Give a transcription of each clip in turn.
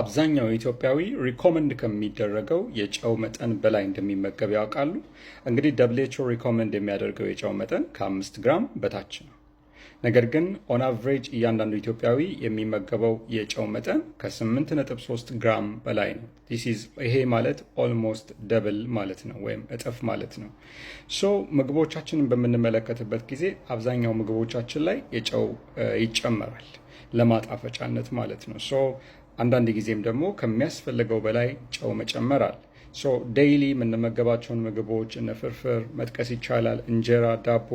አብዛኛው ኢትዮጵያዊ ሪኮመንድ ከሚደረገው የጨው መጠን በላይ እንደሚመገብ ያውቃሉ። እንግዲህ ደብሊው ኤች ኦ ሪኮመንድ የሚያደርገው የጨው መጠን ከአምስት ግራም በታች ነው። ነገር ግን ኦን አቨሬጅ እያንዳንዱ ኢትዮጵያዊ የሚመገበው የጨው መጠን ከ8.3 ግራም በላይ ነው። ይሄ ማለት ኦልሞስት ደብል ማለት ነው፣ ወይም እጥፍ ማለት ነው። ሶ ምግቦቻችንን በምንመለከትበት ጊዜ አብዛኛው ምግቦቻችን ላይ የጨው uh, ይጨመራል ለማጣፈጫነት ማለት ነው። ሶ አንዳንድ ጊዜም ደግሞ ከሚያስፈልገው በላይ ጨው አለ። ዴይሊ የምንመገባቸውን ምግቦች እነ ፍርፍር መጥቀስ ይቻላል። እንጀራ፣ ዳቦ፣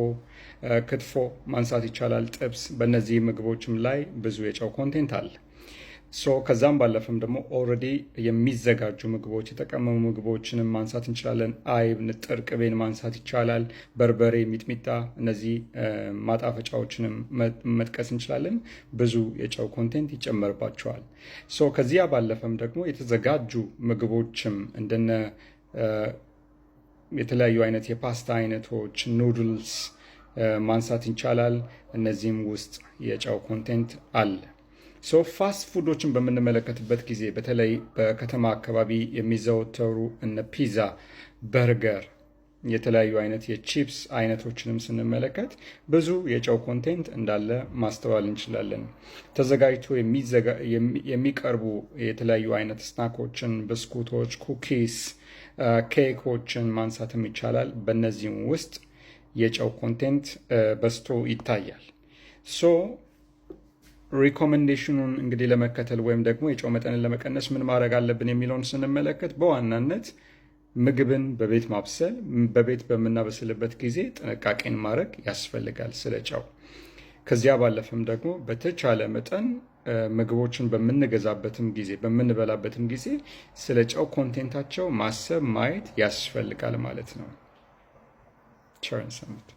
ክትፎ ማንሳት ይቻላል። ጥብስ፣ በእነዚህ ምግቦችም ላይ ብዙ የጨው ኮንቴንት አለ። ሶ ከዛም ባለፈም ደግሞ ኦልሬዲ የሚዘጋጁ ምግቦች የተቀመሙ ምግቦችንም ማንሳት እንችላለን። አይብ፣ ንጥር ቅቤን ማንሳት ይቻላል። በርበሬ፣ ሚጥሚጣ፣ እነዚህ ማጣፈጫዎችንም መጥቀስ እንችላለን። ብዙ የጨው ኮንቴንት ይጨመርባቸዋል። ሶ ከዚያ ባለፈም ደግሞ የተዘጋጁ ምግቦችም እንደነ የተለያዩ አይነት የፓስታ አይነቶች ኑድልስ ማንሳት ይቻላል። እነዚህም ውስጥ የጨው ኮንቴንት አለ። ሰው ፋስት ፉዶችን በምንመለከትበት ጊዜ በተለይ በከተማ አካባቢ የሚዘወተሩ እነ ፒዛ፣ በርገር የተለያዩ አይነት የቺፕስ አይነቶችንም ስንመለከት ብዙ የጨው ኮንቴንት እንዳለ ማስተዋል እንችላለን። ተዘጋጅቶ የሚቀርቡ የተለያዩ አይነት ስናኮችን፣ ብስኩቶች፣ ኩኪስ፣ ኬኮችን ማንሳትም ይቻላል። በእነዚህም ውስጥ የጨው ኮንቴንት በዝቶ ይታያል። ሶ ሪኮሜንዴሽኑን እንግዲህ ለመከተል ወይም ደግሞ የጨው መጠንን ለመቀነስ ምን ማድረግ አለብን የሚለውን ስንመለከት በዋናነት ምግብን በቤት ማብሰል፣ በቤት በምናበስልበት ጊዜ ጥንቃቄን ማድረግ ያስፈልጋል ስለ ጨው። ከዚያ ባለፈም ደግሞ በተቻለ መጠን ምግቦችን በምንገዛበትም ጊዜ በምንበላበትም ጊዜ ስለ ጨው ኮንቴንታቸው ማሰብ ማየት ያስፈልጋል ማለት ነው። ቸርን ሰምት